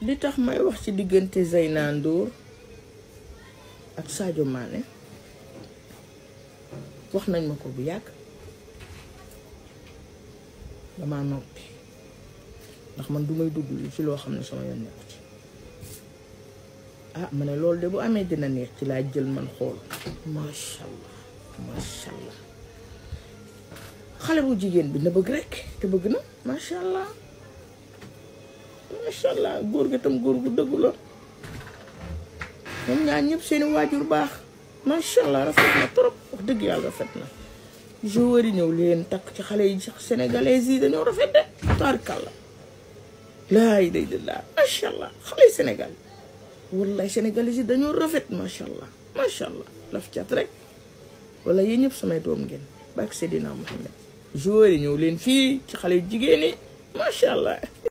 li tax may wax ci diggante Zeyna Ndour ak Sadio Mané wax nañ ma ko bu yàgg dama noppi ndax man du may dugg ci loo xam ne sama yoon nekku ci ah ma ne loolu de bu amee dina neex ci laa jël man xool macha allah macha allah xale bu jigéen bi na bëgg rek te bëgg na macha allah macha allah góor gi tam góor gu dëgg la ñoom ñaar ñëpp seeni waajur baax macha allah rafet na trop wax dëgg yàlla rafet na joueur yi ñëw leen takk ci xale yi sénégalais yi dañoo rafet de taarikàlla laa yi day dëllaa macha allah xale yi sénégal dañoo rafet macha allah macha allah laf cat rek wala yéen ñëpp samay doom ngeen bak Seydina Mouhamed joueur yi ñëw leen fii ci xale yu jigéen yi macha allah